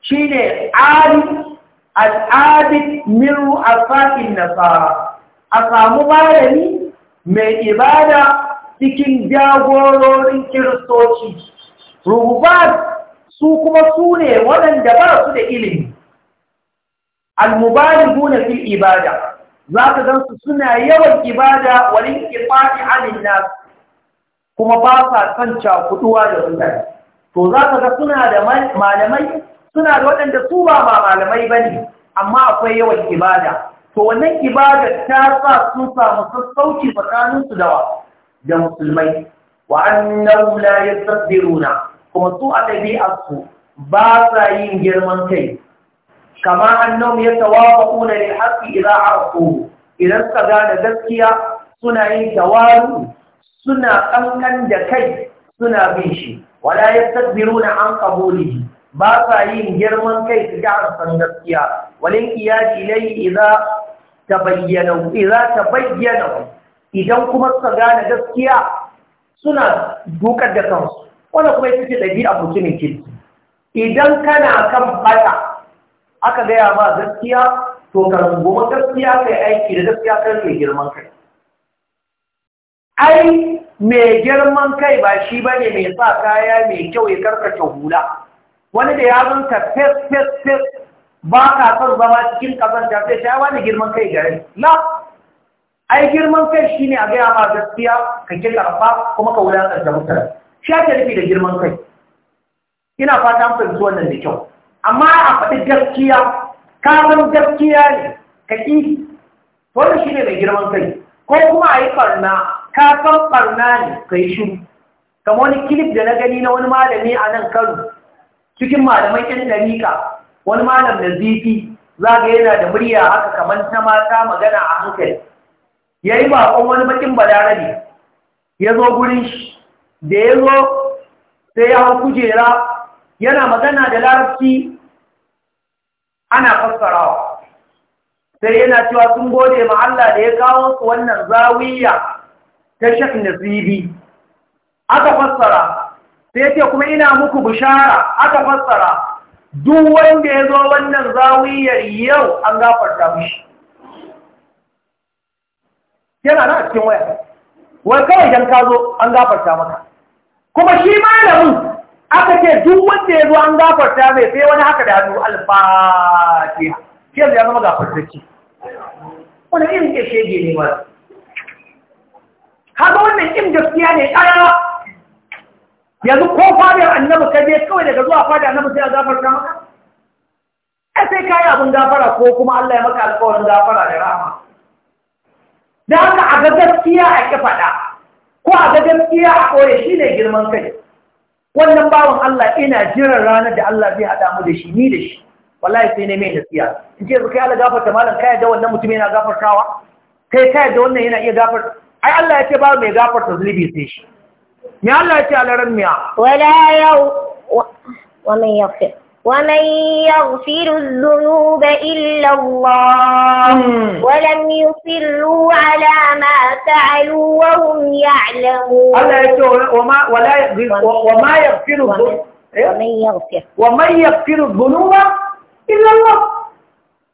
shi ne al'adid miru alfa'in nasara a samu malami mai ibada cikin jagororin kiristoci Rububat su kuma su ne waɗanda ba su da ilimi guna fil ibada za ka gansu suna yawan ibada wani kifaɗi halin nasu kuma ba sa son cakuduwa da mutane to za ka ga suna da malamai suna da waɗanda su ba ma malamai ba ne amma akwai yawan ibada to wannan ibada ta sa sun samu sassauci tsakaninsu da da musulmai wa annahum la yastakbiruna kuma su a ɗabi'arsu ba sa yin girman kai kama annahum yatawafaquna lil haqqi idza arafu idan suka gane gaskiya suna yin tawaru suna kankan da kai suna bin shi wala yastakbiruna an qabulihi ba sa yin girman kai su ga san gaskiya walin iyadi lai idza tabayyana idza tabayyana idan kuma suka gane gaskiya suna dukar da kansu wanda kuma yake ɗabi'a mutumin kirki idan kana kan bata aka gaya ma gaskiya to ka runguma gaskiya kai aiki da gaskiya kan mai girman kai ai mai girman kai ba shi ba ne mai sa kaya mai kyau ya karkace hula wani da ya zanta fes fes fes ba ka son zama cikin ƙasar da sai shawa wani girman kai gare la ai girman kai shine a gaya ma gaskiya ka ke karfa kuma ka da mutane shi ake nufi da girman kai ina fata an fahimci wannan da kyau amma a faɗi gaskiya Ka san gaskiya ne ka ƙi wannan shine mai girman kai ko kuma a yi ɓarna ka san ɓarna ne ka yi shiru kamar wani kilif da na gani na wani malami a nan kano cikin malamai ƴan ɗariƙa wani malam da zifi za ga yana da murya haka kamar ta mata magana a hankali ya yi baƙon wani bakin balarabe ya zo gurin shi da ya zo sai ya hau kujera yana magana da larabci ana fassarawa sai yana cewa sun gode ma Allah da ya kawo su wannan zawiya ta shak nasibi aka fassara sai ce kuma ina muku bishara aka fassara duk wanda ya zo wannan zawiyar yau an gafarta mishi yana nan a cikin waya wai kawai idan ka zo an gafarta maka kuma shi malamin aka ce duk wanda ya zo an gafarta mai sai wani haka da hannu alfatiha shi yanzu ya zama gafartacce wani irin ke shege ne ba haka wannan in gaskiya ne ɗaya yanzu ko fadar annabi ka je kawai daga zuwa fadar annabi sai a gafarta maka ai sai kayi abin gafara ko kuma Allah ya maka alƙawarin gafara da rahama da haka a ga gaskiya a ƙi faɗa ko a ga gaskiya a ɓoye shi ne girman kai wannan bawan Allah ina jiran ranar da Allah zai haɗa mu da shi ni da shi wallahi sai ne mai nasiya in ce kai Allah gafarta malam kai da wannan mutum yana gafartawa kai kai da wannan yana iya gafar ai Allah ya ce ba mai gafarta zulubi sai shi me Allah ya ce a laran miya wala yau wa man yaghfir ومن يغفر الذنوب إلا الله ولم يصروا على ما فعلوا وهم يعلمون الله ولا وما يغفر إيه؟ ومن يغفر ومن يغفر الذنوب إلا الله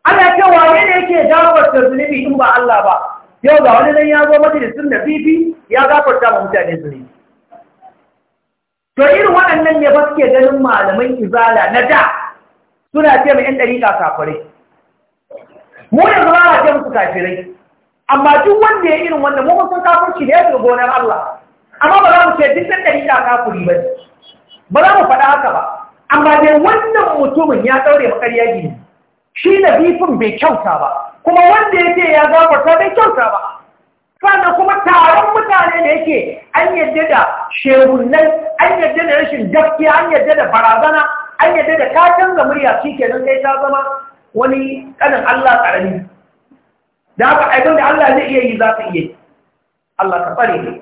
Allah ce wane ne yake gafarta zunubi in ba Allah ba yau ga wani nan ya zo to irin waɗannan ne ba suke ganin malaman izala na da suna ce mai 'yan ɗariƙa kafirai mu ne zama a ce musu kafirai amma duk wanda ya irin wannan mu sun kafirci ne ya gonar Allah amma ba za mu ce duk ɗan ɗariƙa kafiri ba ba za mu faɗa haka ba amma dai wannan mutumin ya ɗaure makarya gini shi na bifin bai kyauta ba kuma wanda ya ce ya gafarta bai kyauta ba sannan kuma taron mutane ne yake an yadda da shehunan an yadda da rashin gaskiya an yadda da barazana an yadda da ka canza murya shi kenan sai ta zama wani kanin Allah karami da haka aikin da Allah zai iya yi za su iya yi Allah ka tsare ne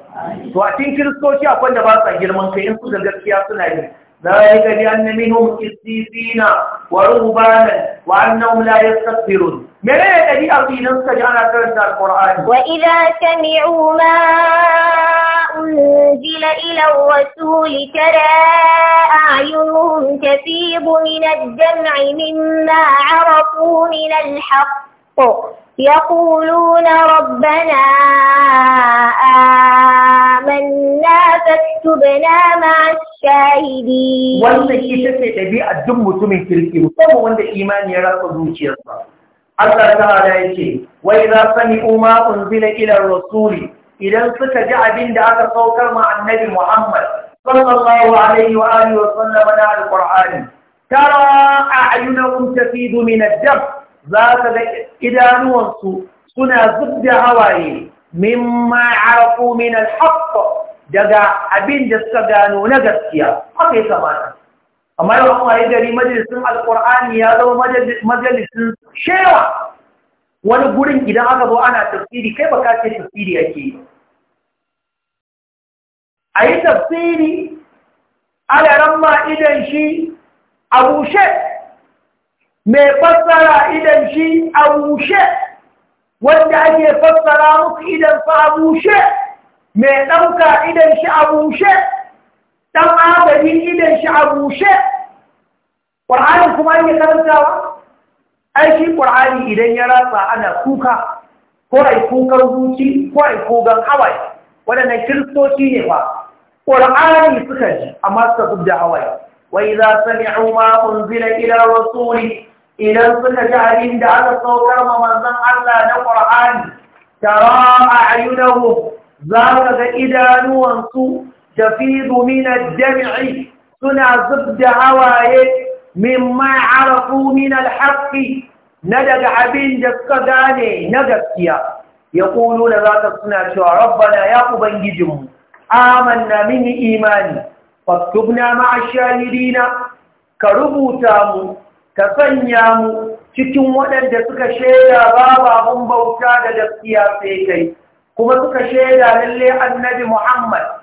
to a cikin kiristoci akwai da ba sa girman kai in su da gaskiya suna yi ذلك بأن منهم قسيسين ورهبانا وأنهم لا يستكبرون وإذا سمعوا ما أنزل إلى الرسول ترى أعينهم تفيض من الدمع مما عرفوا من الحق يقولون ربنا آمنا فاكتبنا مع الشاهدين. وأنت كيف الدم وأنت إيمان Allah ta'ala yake wai za sani ma unzila ila rasuli idan suka ji abin da aka saukar ma annabi Muhammad sallallahu alaihi wa alihi wa sallam na alqur'ani tara a'yunuhum tafidu min ad-dam za ka ga idanuwansu suna zubda hawaye mimma arafu min al-haqq daga abin da suka gano na gaskiya haka ya amma yau an waye gari majalisun alkur'ani ya zama majalisun shewa wani gurin idan aka zo ana tafsiri kai baka ce tafsiri ake yi a yi tafsiri alaran ramma idan shi a bushe mai fassara idan shi a bushe wanda ake fassara musu idan fa a bushe mai ɗauka idan shi a bushe dan agajin idan shi a bushe Ƙur'ani kuma yake karantawa ai shi ƙur'ani idan ya ratsa ana kuka ko ai kukan zuci ko ai kogan hawaye waɗannan kiristoci ne ba ƙur'ani suka ji amma suka zub da hawaye wai za su ne ma unzila ila rasuli idan suka ji abin da aka saukar ma manzon Allah na ƙur'ani tara a ayyunahu za ka ga idanuwansu tafidu min ad-dam'i suna zubda hawaye mimma arafu min al na daga abin da suka gane na gaskiya ya kulu da zaka suna cewa rabbana ya ubangijinmu na mini imani faktubna ma'a dina, ka rubuta mu ka sanya mu cikin waɗanda suka shaida babu abun bauta da gaskiya sai kai kuma suka shaida lalle annabi Muhammad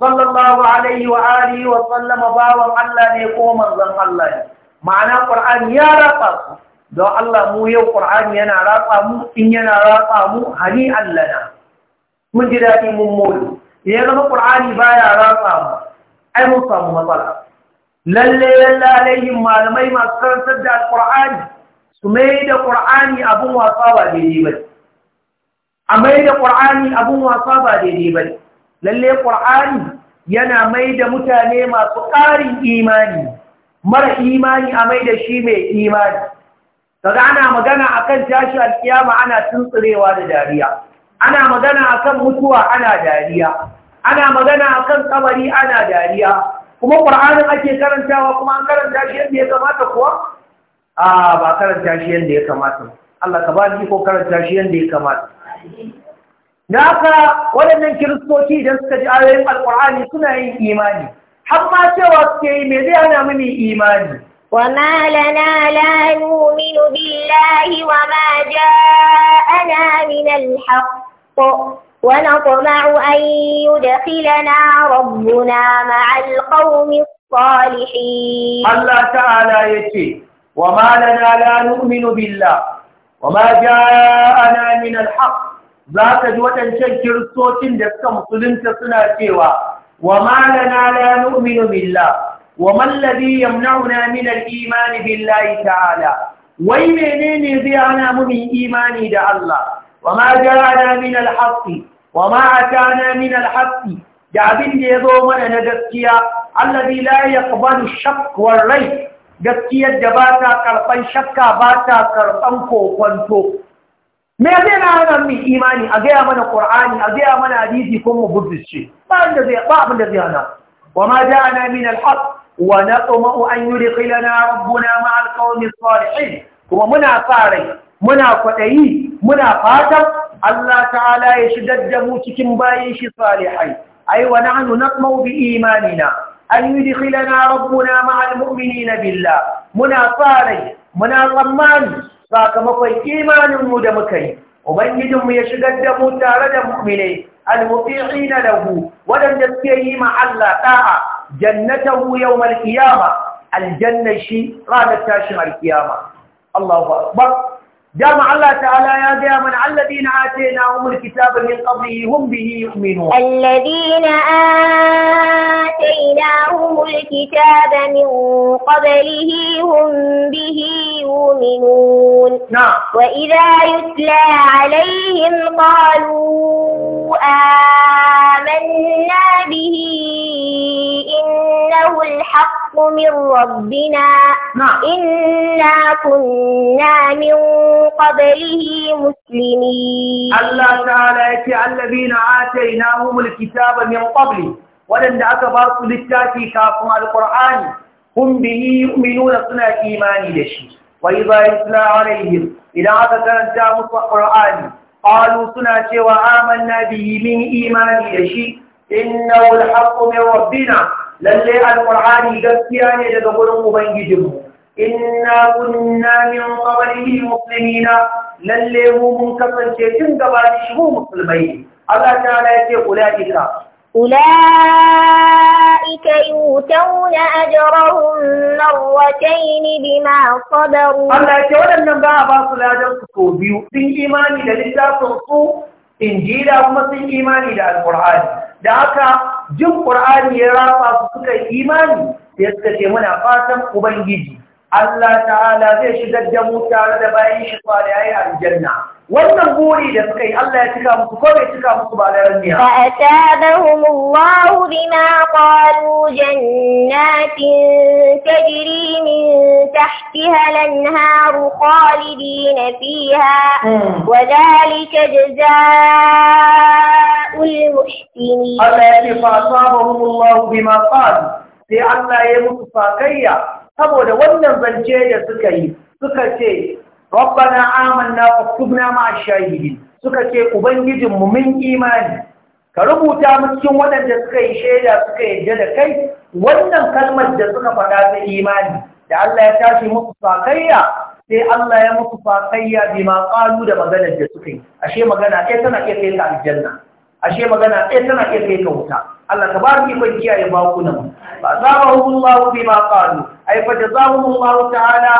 sallallahu alaihi wa alihi wa sallama bawan Allah ne ko manzon Allah ne ma'ana Qur'ani ya ratsa su don Allah mu yau Qur'ani yana ratsa mu in yana ratsa mu hani Allah na mun ji daɗi mun mori ya zama Qur'ani baya ratsa mu ai mun samu matsala lalle lalle alaihim malamai masu karantar da Qur'ani su mai da Qur'ani abun wasa ba daidai ba a mai da Qur'ani abun wasa ba daidai ba lalle ƙur'ani yana mai da mutane masu ƙarin imani mara imani a mai da shi mai imani kaga ana magana akan tashi alkiyama ana tuntsurewa da dariya ana magana akan mutuwa ana dariya ana magana akan kabari ana dariya kuma ƙur'anin ake karantawa kuma an karanta shi yadda ya kamata kuwa a ah, ba karanta shi yadda ya kamata Allah ka ba ni ko karanta shi yadda ya kamata da haka waɗannan kiristoci idan suka ji ayoyin alƙur'ani suna yin imani har ma cewa suke yi me zai hana mini imani وما لنا لا نؤمن بالله وما جاءنا من الحق ونطمع أن يدخلنا ربنا مع القوم الصالحين الله تعالى يتي وما لنا لا نؤمن بالله وما جاءنا من الحق za ka ji waɗancan kiristocin da suka musulunta suna cewa wa malana la nu'minu billah wa man ladhi yamna'una min al-iman billahi ta'ala wai menene zai hana mu min imani da Allah wa ma ja'ana min al-haqqi wa ma atana min al da abin da yazo mana na gaskiya alladhi la yaqbalu shakk wal rai gaskiyar da ba ta karban shakka ba ta karban kokonto me zai na hana mu imani a gaya mana qur'ani a gaya mana hadisi kun mu buddhisti ba inda zai ba abin da zai hana wa ma ja'ana min al-haq wa natma'u an yudkhilana rabbuna ma'a al-qawmi as-salihin kuma muna fara muna kwadayi muna fatan Allah ta'ala ya shigar da mu cikin bayin shi salihai ai wa nahnu natma'u bi imanina an yudkhilana rabbuna ma'a al-mu'minina billah muna fara muna tsammani sakamakon imaninmu da muka yi ubangijinmu ya shigar da mu tare da mu'minai na lahu waɗanda suke yi ma Allah jannatan jannatahu yau qiyama aljanna shi ranar tashin alkiyama Allahu akbar جمع الله تعالى يا من الذين آتيناهم الكتاب من قبله هم به يؤمنون الذين آتيناهم الكتاب من قبله هم به يؤمنون نعم وإذا يتلى عليهم قالوا آمنا به إنه الحق من ربنا نعم إنا كنا من قبله مسلمين الله تعالى يتي الذين آتيناهم الكتاب من قبل ولن دعك باطل للتاتي كافم القرآن هم به يؤمنون صنع إيمان لشي وإذا يتلى عليهم إذا عدت أن جامس القرآن قالوا صنع وآمنا به من إيمان لشي إنه الحق من ربنا للي القرآن قد كان يدخل أبنجدهم inna kunna min qablihi muslimina lalle mu mun kasance tun gaba shi mu musulmai Allah ta'ala yace ulaika أولئك يؤتون أجرهم مرتين بما صبروا الله يقول أن بقى باص لا جنسكو بيو في إيمان لله تنصو إنجيلا هم في إيمان إلى القرآن دعك جم قرآن يرى فاسقك إيمان يسكت من أفاسم أبنجي Allah ta'ala zai shigar da mu tare da bayan shi salihai a aljanna wannan buri da suka yi Allah ya cika musu ko bai cika musu ba da ranniya fa atabahum Allah bima qalu jannatin tajri min tahtiha al-anhar khalidin fiha wa dhalika jazaa'ul muhsinin Allah ya fa atabahum Allah bima qalu sai Allah ya musu fakayya saboda wannan zance da suka yi suka ce rabbana amanna faktubna ma'a shahidin suka ce ubangijin mu mun imani ka rubuta mu cikin waɗanda suka yi shaida suka yarda da kai wannan kalmar da suka faɗa ta imani da Allah ya tashi musu fakayya sai Allah ya musu fakayya bi ma qalu da maganar da suka yi ashe magana ɗaya tana iya kai ka aljanna ashe magana ɗaya tana iya kai ka wuta Allah ka ba ki ikon kiyaye bakunan ba za ba hukun Allah bi ma qalu ai fa jazahum ta hana?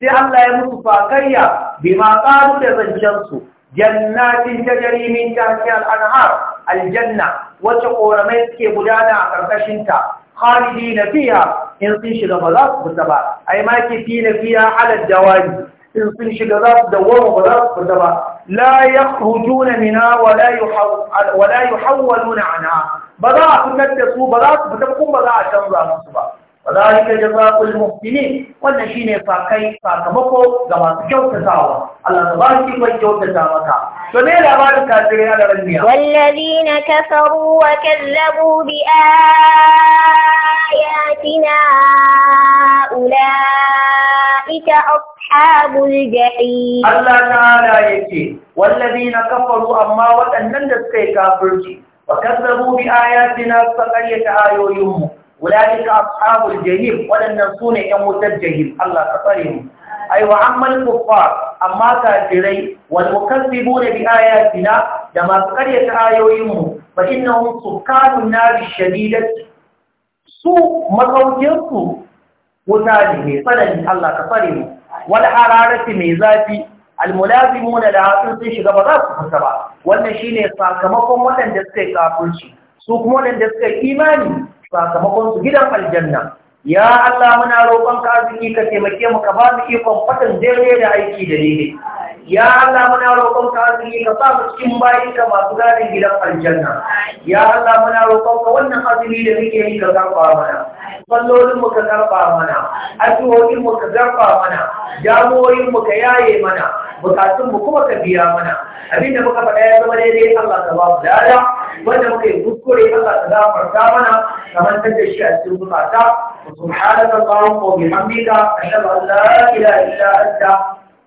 sai Allah ya musu fakayya bi ma qalu da zancan su jannatin tajri min tahtiha al-anhar aljanna wacce koramai suke gudana a karkashin ta na fiya in sun shiga ba za su fita ba ai ma ke fina fiha ala dawani in sun shiga za su dawo ba za su fita ba La لا يخرجون منها ولا يحولون عنها ba za a fitar da su ba za su fita kuma ba za a canza musu ba Ba za a wa zalika jazaa'ul muhsinin wannan ne sakai sakamako ga masu kyautatawa Allah ta baki mai kyautata maka to ne labarin kafirai a daren duniya wallazina kafaru wa kallabu bi ayatina ulaika ashabul jahim Allah ta ta'ala yake wallazina kafaru amma waɗannan da suka yi kafirci فكذبوا بآياتنا فقرية آيوهم أولئك أصحاب الجحيم ولن ننسون يموت الجحيم الله كفرهم أي أيوة وعما الكفار أما كافرين والمكذبون بآياتنا لما قرية آيوهم فإنهم سكان النار الشديدة سوء مغوتيرك وتاله صلى الله كفرهم والحرارة ميزاتي almulazimuna da hatsin sun shiga ba za su fita ba wannan shine sakamakon waɗanda suka yi kafirci su kuma waɗanda suka yi imani sakamakon su gidan aljanna ya Allah muna roƙon ka arziki ka taimake mu ka ba mu ikon fatan daidai da aiki da daidai ya Allah muna roƙon ka azumi ka sa cikin bayin ka masu gadin gidan aljanna ya Allah muna roƙon ka wannan azumi da muke yi ka karɓa mana sallolin mu ka karɓa mana addu'o'in mu ka karɓa mana jamoyin mu ka yaye mana bukatun mu kuma ka biya mana abinda muka faɗa ya zama daidai Allah ta ba mu dada wanda muka yi kuskure Allah ka gafarta mana kamar da shi a cikin bukata subhanaka allahumma wa bihamdika ashhadu an la ilaha illa anta